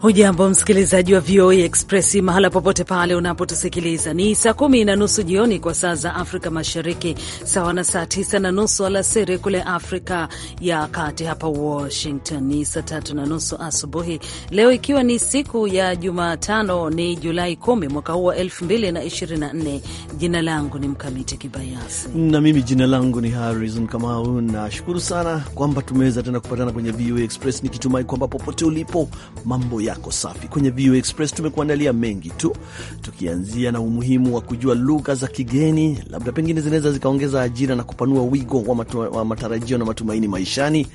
Hujambo msikilizaji wa VOA Express mahala popote pale unapotusikiliza. Ni saa kumi na nusu jioni kwa saa za Afrika Mashariki, sawa na saa tisa na nusu alasiri kule Afrika ya Kati. Hapa Washington ni saa tatu na nusu asubuhi, leo ikiwa ni siku ya Jumatano, ni Julai kumi mwaka huu wa elfu mbili na ishirini na nne. Jina langu ni Mkamiti Kibayasi na mimi jina langu ni Harrison Kamau. Nashukuru sana kwamba tumeweza tena kupatana kwenye VOA Express, nikitumai kwamba popote ulipo mambo ya yako safi. Kwenye VOA Express tumekuandalia mengi tu, tukianzia na umuhimu wa kujua lugha za kigeni, labda pengine zinaweza zikaongeza ajira na kupanua wigo wa, matu, wa matarajio na matumaini maishani.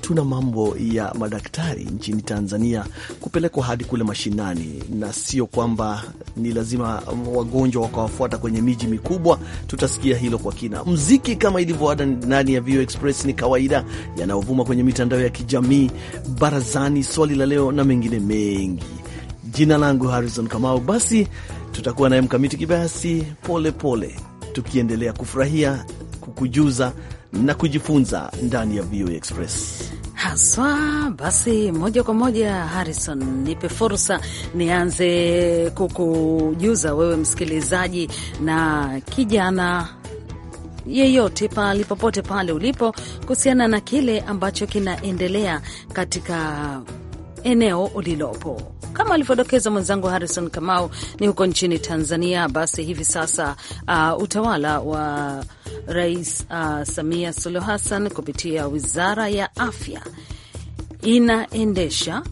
Tuna mambo ya madaktari nchini Tanzania kupelekwa hadi kule mashinani, na sio kwamba ni lazima wagonjwa wakawafuata kwenye miji mikubwa. Tutasikia hilo kwa kina. Mziki kama ilivyo ada ndani ya VOA Express ni kawaida, yanayovuma kwenye mitandao ya kijamii, barazani, swali la leo na mengine mengi mengi. Jina langu Harrison Kamau. Basi tutakuwa naye Mkamiti Kibayasi pole pole, tukiendelea kufurahia, kukujuza na kujifunza ndani ya VOA Express haswa. Basi moja kwa moja, Harrison, nipe fursa nianze kukujuza wewe msikilizaji na kijana yeyote pale popote pale ulipo kuhusiana na kile ambacho kinaendelea katika eneo ulilopo. Kama alivyodokeza mwenzangu Harrison Kamau, ni huko nchini Tanzania. Basi hivi sasa uh, utawala wa Rais uh, Samia Suluhu Hassan kupitia Wizara ya Afya inaendesha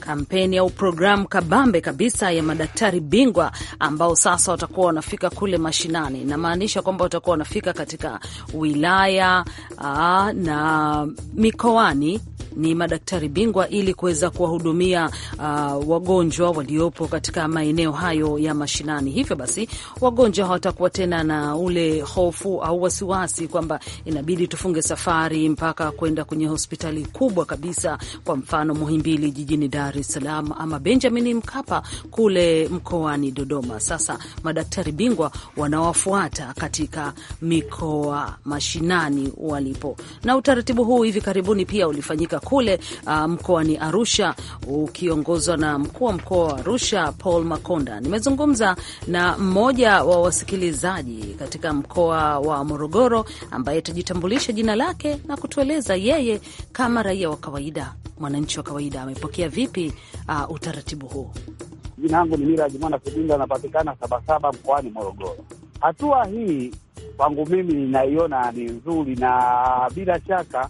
kampeni au programu kabambe kabisa ya madaktari bingwa ambao sasa watakuwa wanafika kule mashinani. Namaanisha kwamba watakuwa wanafika katika wilaya aa, uh, na mikoani ni madaktari bingwa ili kuweza kuwahudumia uh, wagonjwa waliopo katika maeneo hayo ya mashinani. Hivyo basi wagonjwa hawatakuwa tena na ule hofu au wasiwasi kwamba inabidi tufunge safari mpaka kwenda kwenye hospitali kubwa kabisa, kwa mfano Muhimbili jijini Dar es Salaam ama Benjamin Mkapa kule mkoani Dodoma. Sasa madaktari bingwa wanawafuata katika mikoa mashinani walipo, na utaratibu huu hivi karibuni pia ulifanyika kule uh, mkoani Arusha ukiongozwa na mkuu wa mkoa wa Arusha Paul Makonda. Nimezungumza na mmoja wa wasikilizaji katika mkoa wa Morogoro ambaye atajitambulisha jina lake na kutueleza yeye kama raia wa kawaida, mwananchi wa kawaida amepokea vipi uh, utaratibu huu. Jina langu ni Miraji Mwana Kujinga, anapatikana Sabasaba mkoani Morogoro. Hatua hii kwangu mimi ninaiona ni nzuri na bila shaka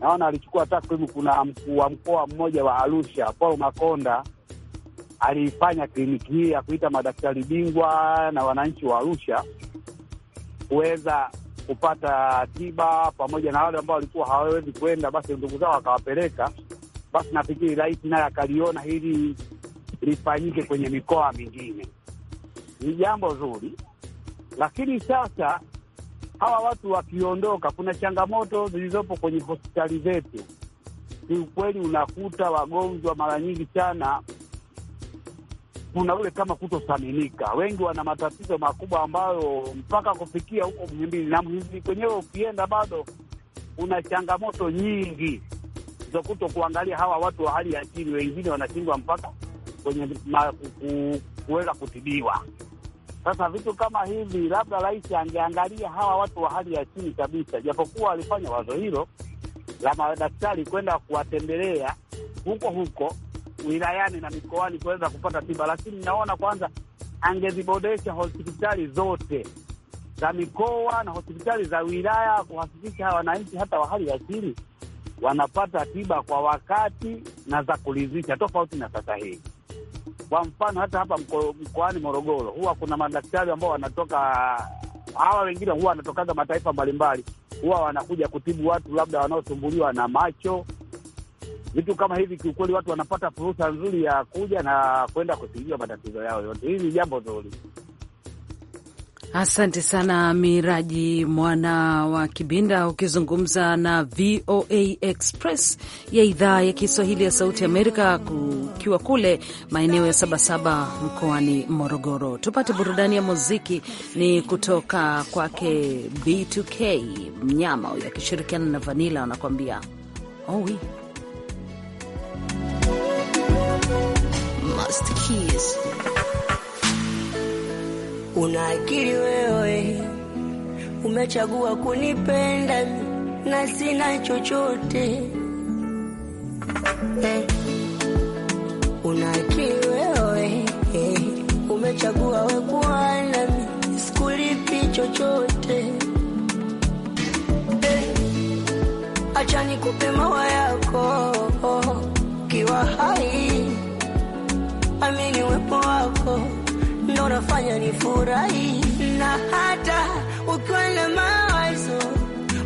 naona alichukua takwimu. Kuna mkuu wa mkoa mmoja wa Arusha, Paul Makonda, aliifanya kliniki hii ya kuita madaktari bingwa na wananchi wa Arusha kuweza kupata tiba pamoja na wale ambao walikuwa hawawezi kwenda, basi ndugu zao akawapeleka. Basi nafikiri rais naye akaliona hili lifanyike kwenye mikoa mingine, ni jambo zuri. Lakini sasa hawa watu wakiondoka, kuna changamoto zilizopo kwenye hospitali zetu. Kiukweli unakuta wagonjwa mara nyingi sana kuna ule kama kutothaminika. Wengi wana matatizo makubwa ambayo mpaka kufikia huko Muhimbili na Muhimbili kwenyewe ukienda bado una changamoto nyingi za kuto kuangalia hawa watu wa hali ya chini. Wengine wanashindwa mpaka kwenye kuweza kutibiwa. Sasa vitu kama hivi, labda rais angeangalia hawa watu wa hali ya chini kabisa, japokuwa walifanya wazo hilo la madaktari kwenda kuwatembelea huko huko wilayani na mikoani kuweza kupata tiba, lakini naona kwanza angezibodesha hospitali zote za mikoa na hospitali za wilaya kuhakikisha hawa wananchi hata wa hali ya chini wanapata tiba kwa wakati na za kuridhisha, tofauti na sasa hii. Kwa mfano hata hapa mko, mkoani Morogoro huwa kuna madaktari ambao wanatoka hawa, wengine huwa wanatokaga mataifa mbalimbali, huwa wanakuja kutibu watu labda wanaosumbuliwa na macho, vitu kama hivi. Kiukweli watu wanapata fursa nzuri ya kuja na kwenda kusuluhisha matatizo yao yote. Hili ni jambo zuri. Asante sana Miraji Mwana wa Kibinda, ukizungumza na VOA Express ya idhaa ya Kiswahili ya Sauti Amerika, kukiwa kule maeneo ya Sabasaba mkoani Morogoro. Tupate burudani ya muziki, ni kutoka kwake B2K mnyama huyo akishirikiana na Vanila wanakuambia owi oh, Una akili wewe, umechagua kunipenda na sina chochote eh. Una akili wewe eh, umechagua we nami sikulipi chochote eh. Acha nikupe mawa yako kiwa hai, amini wepo wako unafanya ni furahi, na hata ukiwa na mawazo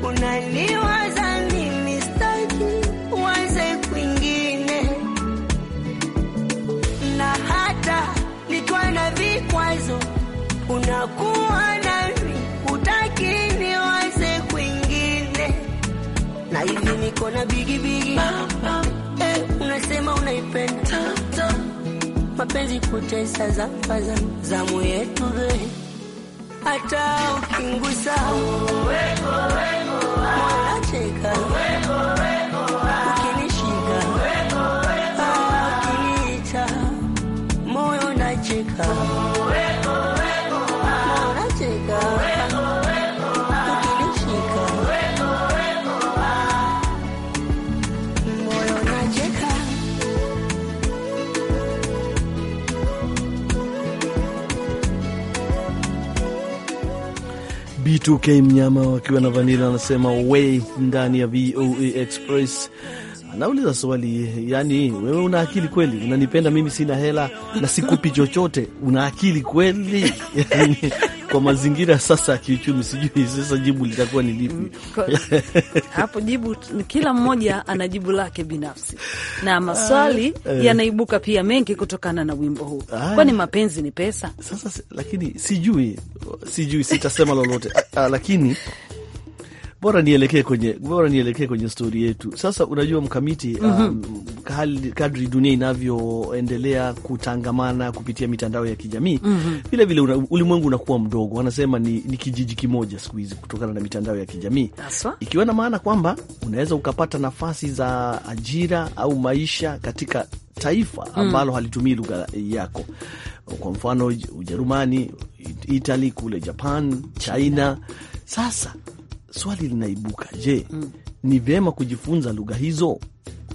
unaniwaza mimi, staki waze kwingine, na hata nikiwa na vikwazo unakuwa nami, utaki niwaze kwingine, na hivi niko na bigibigi ah, ah, eh, unasema unaipenda ah, mapenzi kutesa, zafaza zamu yetu be, hata ukingusa mwanacheka, ukinishika ukiniita moyo nacheka B2K mnyama wakiwa na Vanila anasema we ndani ya VOA Express anauliza swali, yani wewe una akili kweli? Unanipenda mimi, sina hela na sikupi chochote, una akili kweli? kwa mazingira sasa ya kiuchumi, sijui sasa jibu litakuwa ni lipi hapo. Jibu kila mmoja ana jibu lake binafsi, na maswali ah, eh. yanaibuka pia mengi kutokana na wimbo huu, kwani ah. mapenzi ni pesa. Sasa lakini sijui, sijui sitasema lolote ah, lakini bora nielekee kwenye bora nielekee kwenye stori yetu sasa. Unajua mkamiti, um, mm -hmm. kadri dunia inavyoendelea kutangamana kupitia mitandao ya kijamii mm -hmm. vile una, ulimwengu unakuwa mdogo, wanasema ni, ni kijiji kimoja siku hizi kutokana na mitandao ya kijamii ikiwa na maana kwamba unaweza ukapata nafasi za ajira au maisha katika taifa mm. ambalo mm. halitumii lugha yako. Kwa mfano Ujerumani, Italy, kule Japan, China. Sasa swali linaibuka, je, mm. ni vyema kujifunza lugha hizo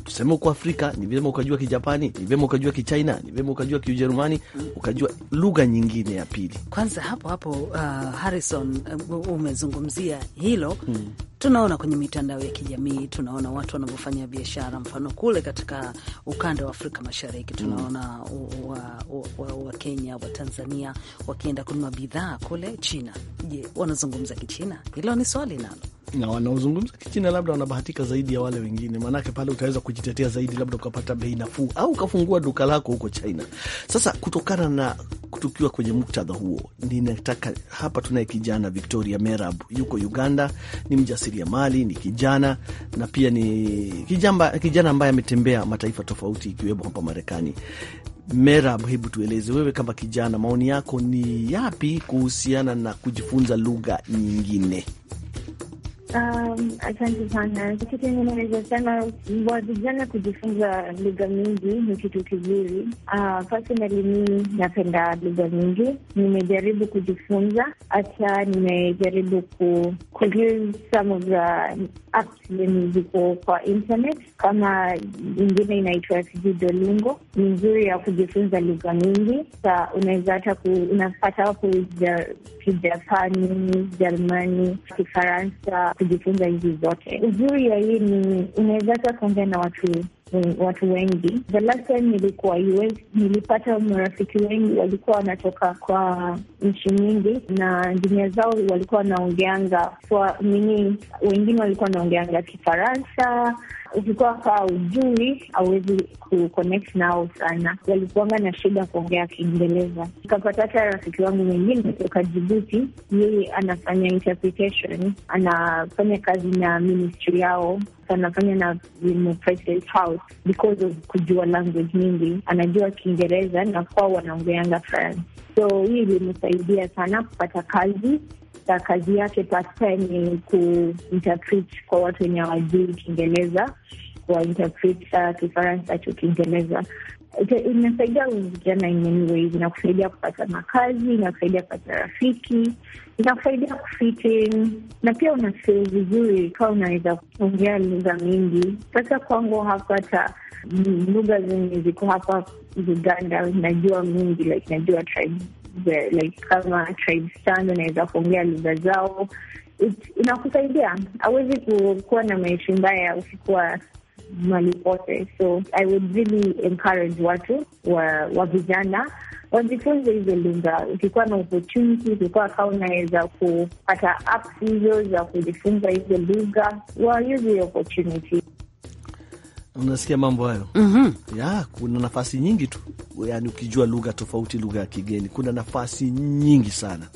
tuseme uko Afrika, ni vyema ukajua Kijapani, ni vyema ukajua Kichina, ni vyema ukajua Kiujerumani, ukajua lugha nyingine ya pili. Kwanza hapo hapo, uh, Harrison, uh, umezungumzia hilo hmm. Tunaona kwenye mitandao ya kijamii, tunaona watu wanavyofanya biashara. Mfano kule katika ukanda wa Afrika Mashariki hmm. tunaona Wakenya wa, wa, wa Watanzania wakienda kununua bidhaa kule China. Je, wanazungumza Kichina? Hilo ni swali nalo na wanaozungumza Kichina labda wanabahatika zaidi ya wale wengine, maanake pale utaweza kujitetea zaidi, labda ukapata bei nafuu au ukafungua duka lako huko China. Sasa kutokana na tukiwa kwenye muktadha huo, ninataka hapa, tunaye kijana Victoria Merab, yuko Uganda, ni mjasiriamali, ni kijana na pia ni kijamba, kijana ambaye ametembea mataifa tofauti ikiwemo hapa Marekani. Merab, hebu tueleze wewe kama kijana, maoni yako ni yapi kuhusiana na kujifunza lugha nyingine? Um, asante um, sana. Kitu kenye naweza sema wa vijana kujifunza lugha mingi ni kitu kizuri. Uh, personally mimi napenda lugha mingi, nimejaribu kujifunza, hata nimejaribu ku, ku use some of the apps zenye ziko kwa internet, kama ingine inaitwa sijui Duolingo. Ni nzuri ya kujifunza lugha mingi, sa unaweza hata unapata hapo Kijapani, Jermani, Kifaransa kujifunza hizi zote. Uzuri ya hii ni unaweza hata kuongea na watu watu wengi. The last time nilikuwa US nilipata marafiki wengi walikuwa wanatoka kwa nchi nyingi, na jumia zao walikuwa wanaongeanga nini, wengine walikuwa wanaongeanga Kifaransa Ukikuwa ujui hauwezi kuconnect nao sana. Walikuanga na shida kuongea Kiingereza. ikapata hata rafiki wangu mwingine kutoka Jibuti, yeye anafanya interpretation, anafanya kazi na ministry yao anafanya na President House because of kujua language nyingi, anajua Kiingereza na kwao wanaongeanga France, so hii ilimsaidia sana kupata kazi na kazi yake part ni kuinterpret kwa watu wenye wajui Kiingereza, kuwainterpret uh, Kifaransa cho Kiingereza. Inasaidia vijana in many ways, inakusaidia kupata makazi, inakusaidia kupata rafiki, inakusaidia kufitin, na pia unafeel vizuri kaa unaweza kuongea lugha mingi. Sasa kwangu hapa, hata lugha zenye ziko hapa Uganda najua mingi, like najua tribe like kama tribes tano kuongea lugha zao, inakusaidia. Awezi kuwa na maishi mbaya usikuwa mali pote. So I would really encourage watu wa, wa vijana wajifunze hizo lugha. Ukikuwa na opportunity, ukikuwa kaa unaweza kupata apps hizo za kujifunza hizo lugha, wa use hiyo opportunity. Unasikia mambo hayo mm -hmm. Ya, kuna nafasi nyingi tu, yani ukijua lugha tofauti, lugha ya kigeni, kuna nafasi nyingi sana.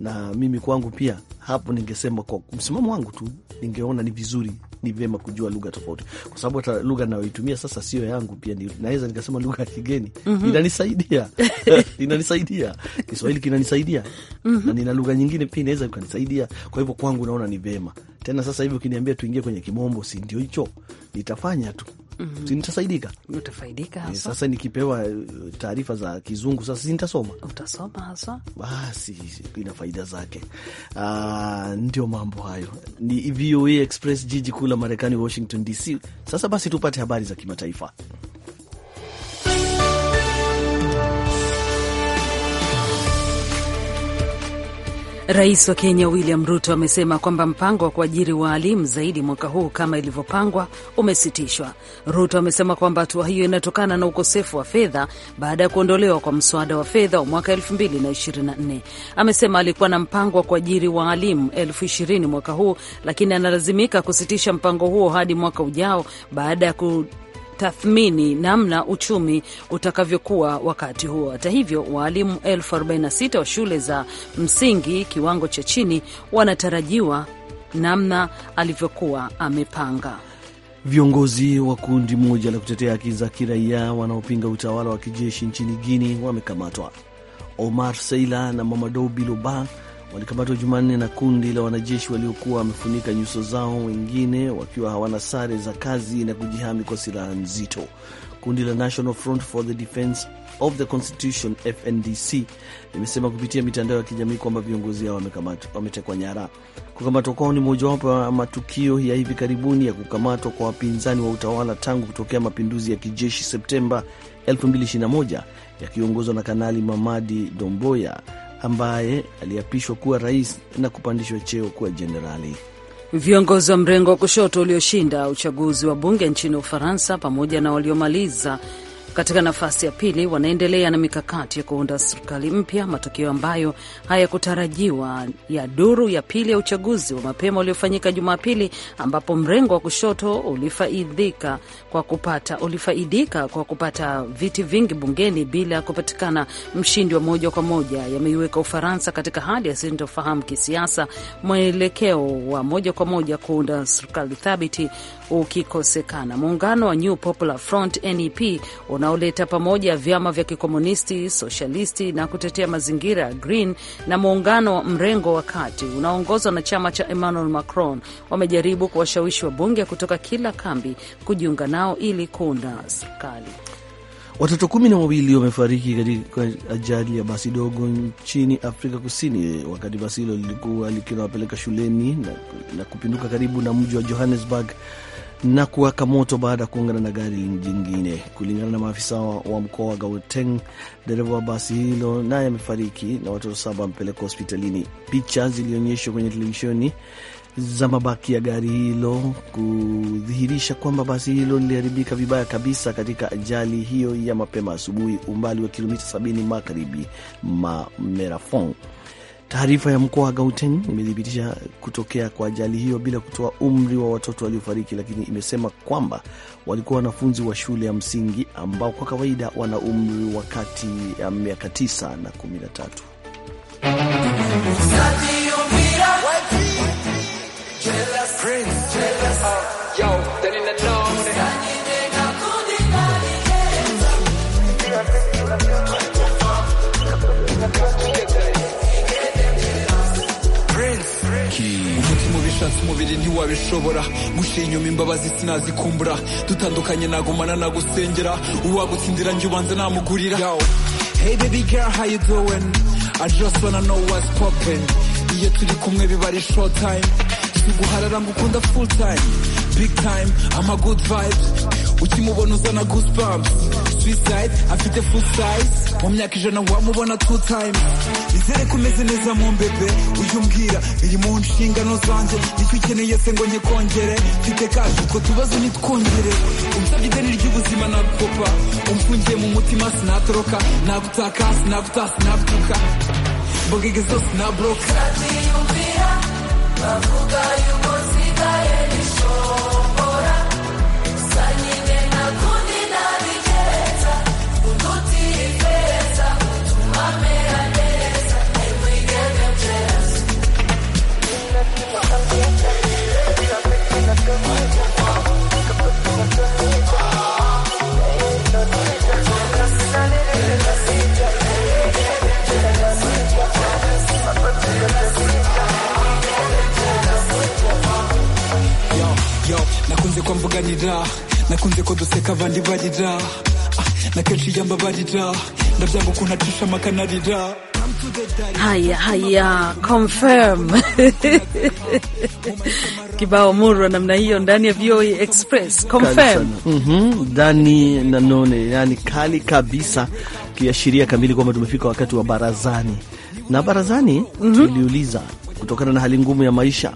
Na mimi kwangu pia hapo ningesema kwa msimamo wangu tu, ningeona ni vizuri ni vyema kujua lugha tofauti, kwa sababu hata lugha nayoitumia sasa sio yangu, pia naweza nikasema lugha ya kigeni mm -hmm. inanisaidia inanisaidia, Kiswahili kinanisaidia mm -hmm. na nina lugha nyingine pia inaweza ikanisaidia. Kwa hivyo kwangu naona ni vyema tena. Sasa hivi ukiniambia tuingie kwenye kimombo, si ndio hicho nitafanya tu mm -hmm. utafaidika eh, Sasa nikipewa eh, taarifa za kizungu sasa, sintasoma, utasoma hasa, basi ina faida zake. Ah, ndio mambo hayo. Ni VOA Express, jiji kuu la Marekani, Washington DC. Sasa basi tupate habari za kimataifa. Rais wa Kenya William Ruto amesema kwamba mpango wa kuajiri waalimu zaidi mwaka huu kama ilivyopangwa umesitishwa. Ruto amesema kwamba hatua hiyo inatokana na ukosefu wa fedha baada ya kuondolewa kwa mswada wa fedha wa mwaka 2024. Amesema alikuwa na mpango wa kuajiri waalimu elfu ishirini mwaka huu, lakini analazimika kusitisha mpango huo hadi mwaka ujao baada ya ku tathmini namna uchumi utakavyokuwa wakati huo. Hata hivyo, waalimu 46 wa shule za msingi kiwango cha chini wanatarajiwa namna alivyokuwa amepanga. Viongozi wa kundi moja la kutetea haki za kiraia wanaopinga utawala wa kijeshi nchini Guini wamekamatwa. Omar Seila na Mamadou Biloba walikamatwa Jumanne na kundi la wanajeshi waliokuwa wamefunika nyuso zao, wengine wakiwa hawana sare za kazi na kujihami kwa silaha nzito. Kundi la National Front for the Defense of the Constitution FNDC limesema kupitia mitandao ya kijamii kwamba viongozi hao wametekwa nyara. Kukamatwa kwao ni mojawapo ya matukio ya hivi karibuni ya kukamatwa kwa wapinzani wa utawala tangu kutokea mapinduzi ya kijeshi Septemba 2021 yakiongozwa na Kanali Mamadi Domboya ambaye aliapishwa kuwa rais na kupandishwa cheo kuwa jenerali. Viongozi wa mrengo wa kushoto ulioshinda uchaguzi wa bunge nchini Ufaransa pamoja na waliomaliza katika nafasi ya pili, wanaendelea na mikakati ya kuunda serikali mpya, matokeo ambayo hayakutarajiwa ya duru ya pili ya uchaguzi wa mapema uliofanyika Jumapili, ambapo mrengo wa kushoto ulifaidika kwa kupata ulifaidika kwa kupata viti vingi bungeni bila ya kupatikana mshindi wa moja kwa moja, yameiweka Ufaransa katika hali ya kisiasa, mwelekeo wa moja kwa moja kuunda serikali thabiti ukikosekana, muungano wa New Popular Front NEP unaoleta pamoja vyama vya kikomunisti, sosialisti na kutetea mazingira ya Green na muungano wa mrengo wa kati unaoongozwa na chama cha Emmanuel Macron wamejaribu kuwashawishi wabunge kutoka kila kambi kujiunga nao ili kuunda serikali. Watoto kumi na wawili wamefariki katika ajali ya basi dogo nchini Afrika Kusini wakati basi hilo lilikuwa likiwapeleka shuleni na, na kupinduka karibu na mji wa Johannesburg na kuwaka moto baada ya kuungana na gari jingine. Kulingana na maafisa wa mkoa wa Gauteng, dereva wa basi hilo naye amefariki na watoto saba wamepelekwa hospitalini. Picha zilionyeshwa kwenye televisheni za mabaki ya gari hilo kudhihirisha kwamba basi hilo liliharibika vibaya kabisa katika ajali hiyo ya mapema asubuhi umbali wa kilomita 70 magharibi ma Merafong. Taarifa ya mkoa wa Gauteng imethibitisha kutokea kwa ajali hiyo bila kutoa umri wa watoto waliofariki, lakini imesema kwamba walikuwa wanafunzi wa shule ya msingi ambao kwa kawaida wana umri wa kati ya miaka 9 na 13. nsanze umubiri ntiwabishobora gushira inyuma imbabazi sinazikumbura dutandukanye nagumana nagusengera uwagutsindira njye ubanza namugurira Hey baby girl how you doing I just wanna know what's poppin iyo turi kumwe biba ari short time siguharara ngukunda full time big time I'm a good vibes ukimubona uzana goosebumps suicide afite full size mu myaka ijana wamubona two time izere ko umeze neza mu mbebe ujya umbwira biri mu nshingano zanjye icyo ukeneye se ngo nke mfite kaje utwo tubazo nitwongere unsabye ideni ry'ubuzima nagukopa umfungiye mu mutima sinatoroka nagutaka sinagutasa sinagutuka mbogege zose nabroka sinatiyumvira bavuga yuko baganira nakunze ko duseka abandi barira na ah, kenshi iyamba barira ndabyanga ukuntu acisha amakanarira Haya, haya, confirm kibao murwa namna hiyo ndani ya VOA Express confirm mhm, ndani mm -hmm. na none, yani kali kabisa, kiashiria kamili kwamba tumefika wakati wa barazani na barazani mm -hmm. tuliuliza kutokana na hali ngumu ya maisha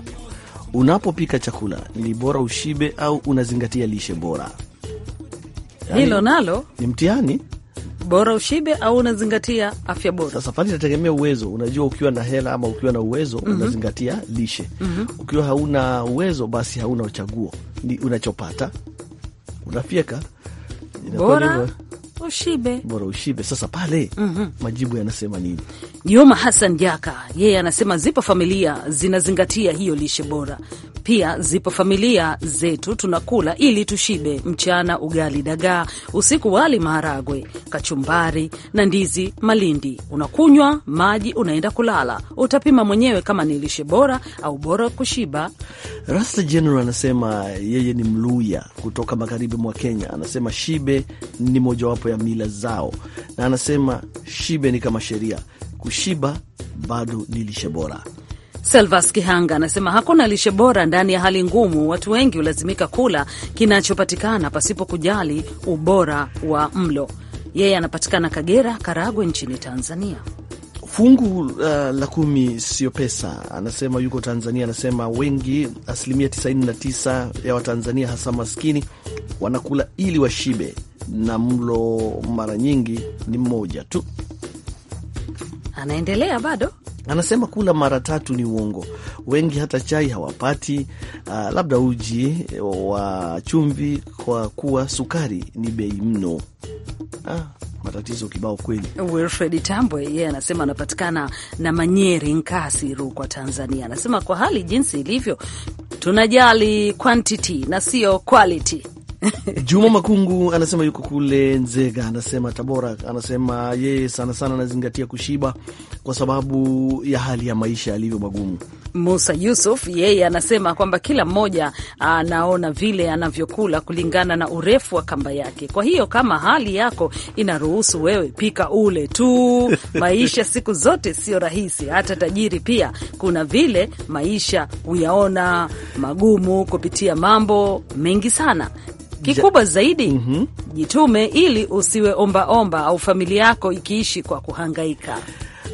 unapopika chakula ni bora ushibe au unazingatia lishe bora? Yani, hilo nalo ni mtihani bora ushibe au unazingatia afya bora. Sasa pale inategemea uwezo. Unajua, ukiwa na hela ama ukiwa na uwezo mm -hmm. unazingatia lishe mm -hmm. ukiwa hauna uwezo, basi hauna uchaguo, ni unachopata unafyeka bora ushibe, bora ushibe. Sasa pale mm -hmm. majibu yanasema nini? Juma Hassan Jaka yeye anasema zipo familia zinazingatia hiyo lishe bora, pia zipo familia zetu tunakula ili tushibe, mchana ugali dagaa, usiku wali maharagwe, kachumbari na ndizi malindi, unakunywa maji, unaenda kulala. Utapima mwenyewe kama ni lishe bora au bora kushiba. Rasta General anasema yeye ni Mluya kutoka magharibi mwa Kenya, anasema shibe ni mojawapo ya mila zao, na anasema shibe ni kama sheria, kushiba bado ni lishe bora. Selvas Kihanga anasema hakuna lishe bora ndani ya hali ngumu. Watu wengi hulazimika kula kinachopatikana pasipo kujali ubora wa mlo. Yeye anapatikana Kagera, Karagwe nchini Tanzania. Fungu uh, la kumi sio pesa, anasema yuko Tanzania. Anasema wengi, asilimia 99 ya Watanzania hasa maskini, wanakula ili washibe na mlo mara nyingi ni mmoja tu. Anaendelea bado anasema kula mara tatu ni uongo. Wengi hata chai hawapati, uh, labda uji wa chumvi, kwa kuwa sukari ni bei mno. Ah, matatizo kibao kweli. Wilfred Tambwe yeye, yeah, anasema anapatikana na Manyeri, Nkasi, Rukwa, Tanzania. Anasema kwa hali jinsi ilivyo, tunajali quantity na sio quality. Juma Makungu anasema yuko kule Nzega, anasema Tabora, anasema yeye sana sana anazingatia kushiba kwa sababu ya hali ya maisha yalivyo magumu. Musa Yusuf yeye anasema kwamba kila mmoja anaona vile anavyokula kulingana na urefu wa kamba yake. Kwa hiyo kama hali yako inaruhusu wewe, pika ule tu. Maisha siku zote sio rahisi, hata tajiri pia kuna vile maisha huyaona magumu kupitia mambo mengi sana. Kikubwa zaidi mm -hmm. Jitume ili usiwe ombaomba omba, au familia yako ikiishi kwa kuhangaika.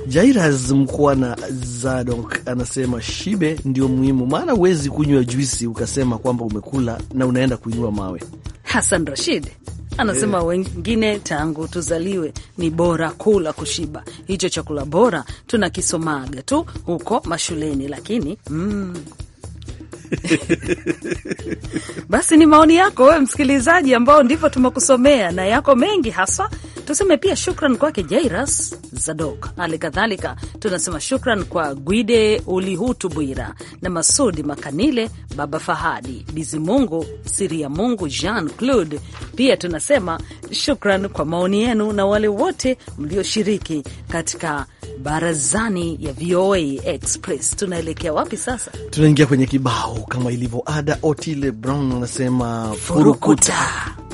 Jairas Mkwana Zadok anasema shibe ndio muhimu, maana huwezi kunywa juisi ukasema kwamba umekula na unaenda kuinua mawe. Hasan Rashid anasema yeah, wengine tangu tuzaliwe ni bora kula kushiba. Hicho chakula bora tunakisomaga tu huko mashuleni, lakini mm. Basi ni maoni yako wewe msikilizaji, ambao ndivyo tumekusomea na yako mengi haswa Tuseme pia shukran kwake Jairas Zadok. Hali kadhalika tunasema shukran kwa Gwide Ulihutu Bwira na Masudi Makanile, Baba Fahadi Bizimungu, Siria Mungu, Jean Claude. Pia tunasema shukran kwa maoni yenu na wale wote mlioshiriki katika barazani ya VOA Express. Tunaelekea wapi sasa? Tunaingia kwenye kibao kama ilivyo ada. Otile Brown anasema furukuta, furukuta.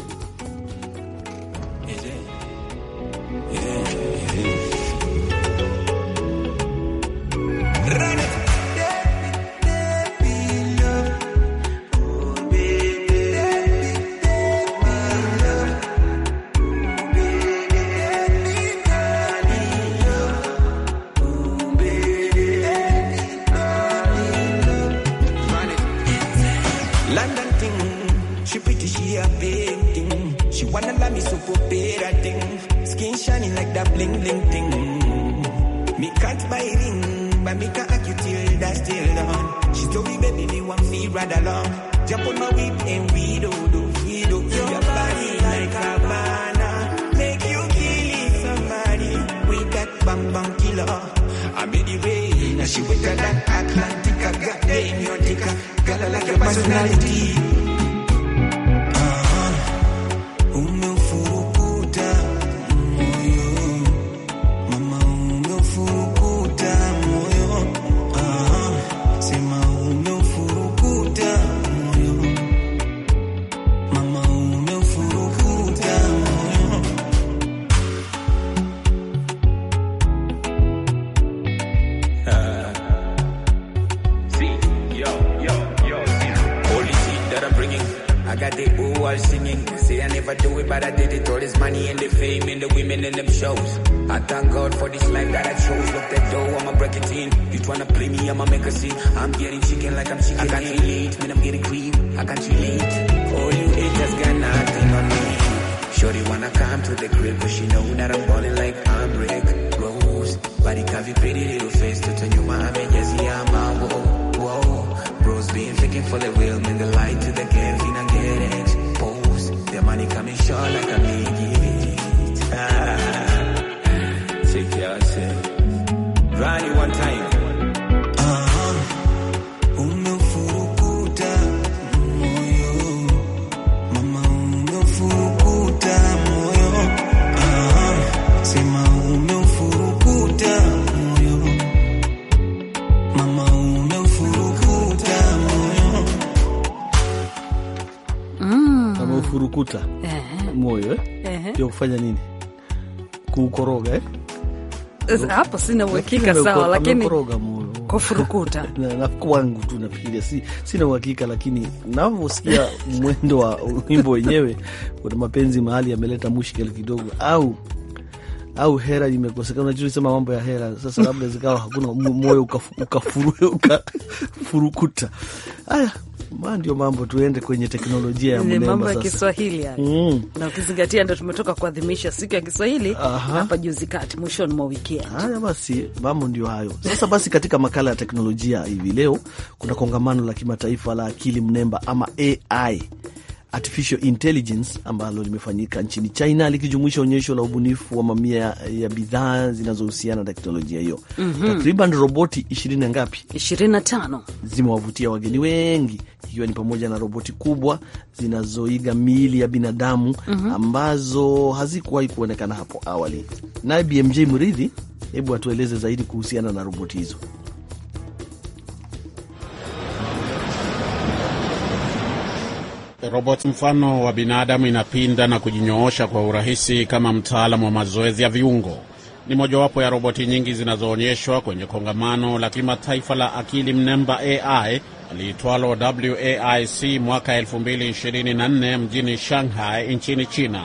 ling ling ting. Me can't buy ring, but me can act you till that's still done. She told me baby me want me right along. Jump on my whip and we do do we do. Your, Your body like a banana, make you kill somebody with that bang bang killer. I'm in the way. Now she that Atlantic. I got goddamn your girl, I like your personality. personality. never do it, but I did it. All this money and the fame and the women and them shows. I thank God for this life that I chose. Look that door, I'ma break it in. You tryna play me, I'ma make a scene. I'm getting chicken like I'm chicken. I can't relate, man, I'm getting cream. I can't relate. All you haters got nothing on me. Shorty wanna come to the crib, cause she know that I'm ballin' like I'm Rick Rose. Body cover pretty little face, to turn you my yes, yeah, I'm out. Whoa, whoa. Bros been faking for the real, man, the light to the game, I get it. Take care, I say. Run you one time. kuvuta moyo eh, ndio kufanya nini, kuukoroga eh? Hapo sina uhakika sawa, lakini kufurukuta kwangu tu nafikiria, si, sina uhakika, lakini navyosikia mwendo wa wimbo wenyewe, kuna mapenzi mahali yameleta mushkeli kidogo au au hera imekosekana. Unajua sema mambo ya hera sasa, labda zikawa hakuna moyo ukafurukuta. Haya, ndio mambo, tuende kwenye teknolojia ya mambo ya Kiswahili mm. Na ukizingatia ndo tumetoka kuadhimisha siku ya Kiswahili hapa juzi kati, mwishoni mwa wiki. Haya basi, mambo ndio hayo sasa. Basi katika makala ya teknolojia hivi leo kuna kongamano la kimataifa la akili mnemba ama AI Artificial Intelligence ambalo limefanyika nchini China likijumuisha onyesho la ubunifu wa mamia ya bidhaa zinazohusiana na teknolojia hiyo. mm -hmm. Takriban roboti ishirini na ngapi, ishirini na tano zimewavutia wageni wengi, ikiwa ni pamoja na roboti kubwa zinazoiga miili ya binadamu mm -hmm. ambazo hazikuwahi kuonekana hapo awali. Naye BMJ Mridhi, hebu atueleze zaidi kuhusiana na roboti hizo. Robot mfano wa binadamu inapinda na kujinyoosha kwa urahisi kama mtaalamu wa mazoezi ya viungo. Ni mojawapo ya roboti nyingi zinazoonyeshwa kwenye kongamano la kimataifa la akili mnemba AI liitwalo WAIC mwaka 2024 mjini Shanghai nchini China.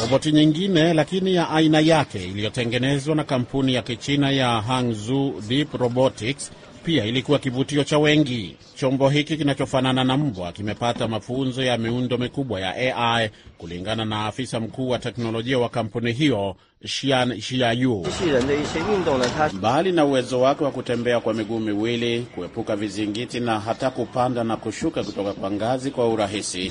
Roboti nyingine lakini ya aina yake iliyotengenezwa na kampuni ya Kichina ya Hangzhou Deep Robotics pia ilikuwa kivutio cha wengi. Chombo hiki kinachofanana na mbwa kimepata mafunzo ya miundo mikubwa ya AI kulingana na afisa mkuu wa teknolojia wa kampuni hiyo Shian Shiayu. Mbali na uwezo wake wa kutembea kwa miguu miwili, kuepuka vizingiti na hata kupanda na kushuka kutoka kwa ngazi kwa urahisi,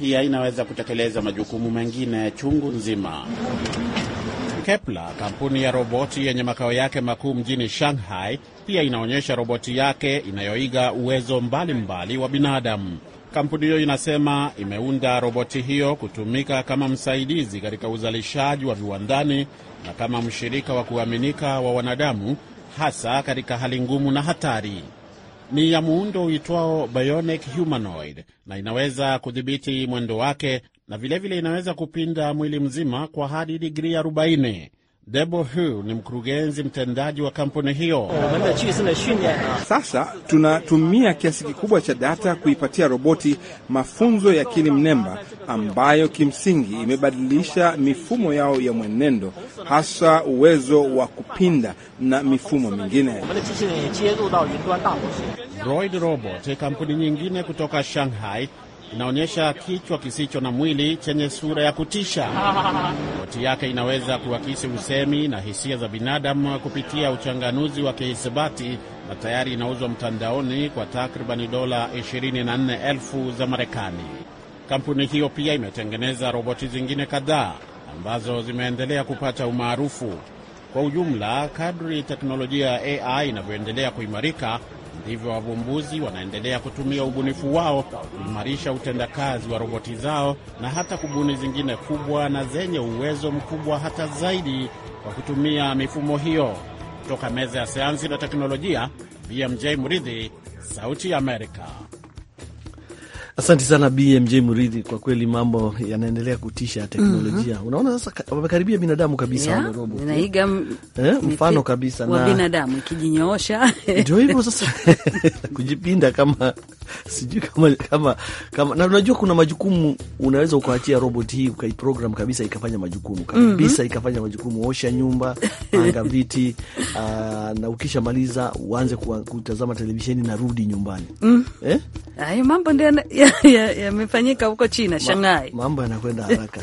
pia inaweza kutekeleza majukumu mengine chungu nzima. Kepler, kampuni ya roboti yenye makao yake makuu mjini Shanghai, pia inaonyesha roboti yake inayoiga uwezo mbalimbali mbali wa binadamu. Kampuni hiyo inasema imeunda roboti hiyo kutumika kama msaidizi katika uzalishaji wa viwandani na kama mshirika wa kuaminika wa wanadamu, hasa katika hali ngumu na hatari. Ni ya muundo uitwao bionic humanoid na inaweza kudhibiti mwendo wake na vilevile vile inaweza kupinda mwili mzima kwa hadi digrii 40. Debo Hu ni mkurugenzi mtendaji wa kampuni hiyo. Sasa tunatumia kiasi kikubwa cha data kuipatia roboti mafunzo ya kini mnemba ambayo kimsingi imebadilisha mifumo yao ya mwenendo, hasa uwezo wa kupinda na mifumo mingine. Droid Robot, kampuni nyingine kutoka Shanghai inaonyesha kichwa kisicho na mwili chenye sura ya kutisha. Ripoti yake inaweza kuakisi usemi na hisia za binadamu kupitia uchanganuzi wa kihisabati na tayari inauzwa mtandaoni kwa takribani dola 24,000 za Marekani. Kampuni hiyo pia imetengeneza roboti zingine kadhaa ambazo zimeendelea kupata umaarufu. Kwa ujumla, kadri teknolojia ya AI inavyoendelea kuimarika Hivyo wavumbuzi wanaendelea kutumia ubunifu wao kuimarisha utendakazi wa roboti zao na hata kubuni zingine kubwa na zenye uwezo mkubwa hata zaidi kwa kutumia mifumo hiyo. Kutoka meza ya sayansi na teknolojia, BMJ Mridhi, Sauti ya Amerika. Asante sana BMJ mridhi kwa kweli mambo yanaendelea kutisha ya teknolojia. Mm -hmm. Unaona sasa wamekaribia binadamu kabisa yeah, robo eh, mfano kabisa na binadamu ikijinyoosha ndio hivyo sasa kujipinda kama sijui kama, kama, kama na unajua kuna majukumu unaweza ukaachia robot hii ukaiprogram kabisa ikafanya majukumu kabisa, mm -hmm. ikafanya majukumu, osha nyumba, panga viti uh, na ukishamaliza uanze kutazama televisheni na rudi nyumbani mm. eh? Hayo mambo ndio yamefanyika ya, ya huko China Shanghai, mambo yanakwenda haraka,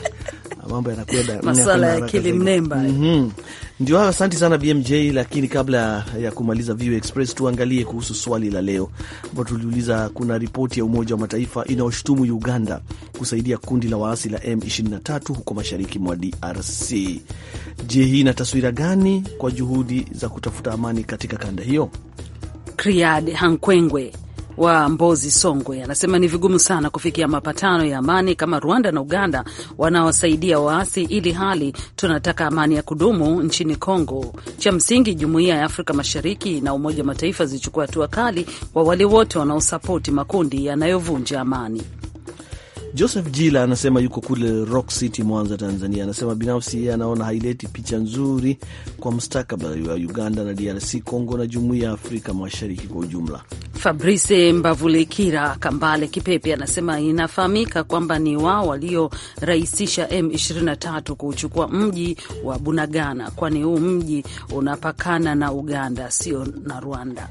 mambo yanakwenda masuala ya kilimnemba mm -hmm. Ndio hayo, asante sana BMJ. Lakini kabla ya kumaliza VOA Express, tuangalie kuhusu swali la leo ambao tuliuliza, kuna ripoti ya Umoja wa Mataifa inayoshutumu Uganda kusaidia kundi la waasi la M23 huko mashariki mwa DRC. Je, hii ina taswira gani kwa juhudi za kutafuta amani katika kanda hiyo? Kriad Hankwengwe wa Mbozi Songwe anasema ni vigumu sana kufikia mapatano ya amani kama Rwanda na Uganda wanaosaidia waasi, ili hali tunataka amani ya kudumu nchini Kongo. Cha msingi jumuiya ya Afrika Mashariki na Umoja wa Mataifa zilichukua hatua kali kwa wale wote wanaosapoti makundi yanayovunja amani. Joseph Jila anasema yuko kule Rock City, Mwanza, Tanzania. Anasema binafsi yeye anaona haileti picha nzuri kwa mustakabali wa Uganda na DRC Congo na jumuiya ya Afrika Mashariki kwa ujumla. Fabrice Mbavulikira Kambale Kipepe anasema inafahamika kwamba ni wao waliorahisisha M23 kuuchukua mji wa Bunagana, kwani huu mji unapakana na Uganda, sio na Rwanda.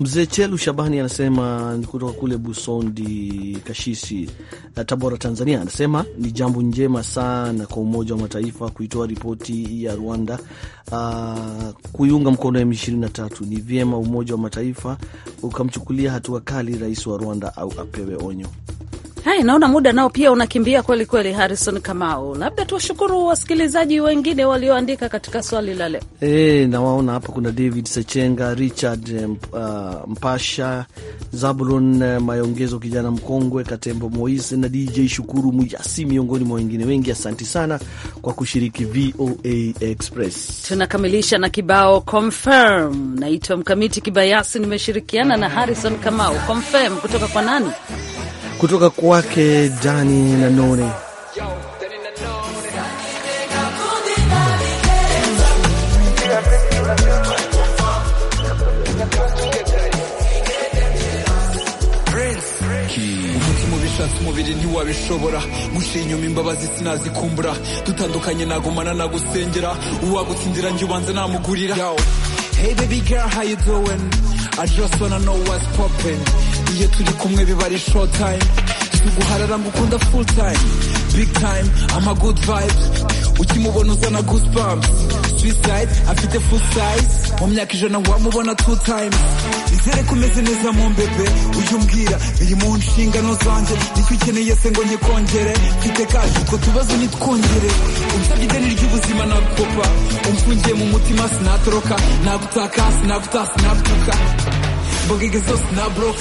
Mzee Chelu Shabani anasema kutoka kule Busondi Kashisi, eh, Tabora, Tanzania. Anasema ni jambo njema sana kwa Umoja wa Mataifa kuitoa ripoti ya Rwanda uh, kuiunga mkono M23. Ni vyema Umoja wa Mataifa ukamchukulia hatua kali rais wa Rwanda au apewe onyo. Hai, naona muda nao pia unakimbia kweli kweli, Harrison Kamau. Labda tuwashukuru wasikilizaji wengine walioandika katika swali la leo. Hey, eh, nawaona hapa kuna David Sechenga, Richard uh, Mpasha, Zabulon uh, Mayongezo, kijana mkongwe Katembo, Moise na DJ Shukuru Mujasi, miongoni mwa wengine wengi. asante sana kwa kushiriki VOA Express. Tunakamilisha na kibao confirm. Naitwa Mkamiti Kibayasi, nimeshirikiana na Harrison Kamau. Confirm kutoka kwa nani? kutoka kwake Dani Nanone. umubiri ntiwabishobora gushira inyuma imbabazi sinazikumbura dutandukanye nagumana nagusengera uwagutsindira njye ubanza namugurira Hey baby girl how you doing I just wanna know what's poppin iyo turi kumwe biba ari short time siguharara ngo ukunda full time big time ama good vibes ukimubona uzana goosebumps suicide afite full size mu myaka ijana wamubona two times izere ko umeze neza mu mbebe ujye umbwira iyi mu nshingano zanjye nicyo ukeneye se ngo nyikongere mfite kaje utwo tubazo nitwongere unsabye ideni ry'ubuzima nagukopa umfungiye mu mutima sinatoroka nagutaka sinagutasa sinagutuka boogiges Usnabrück.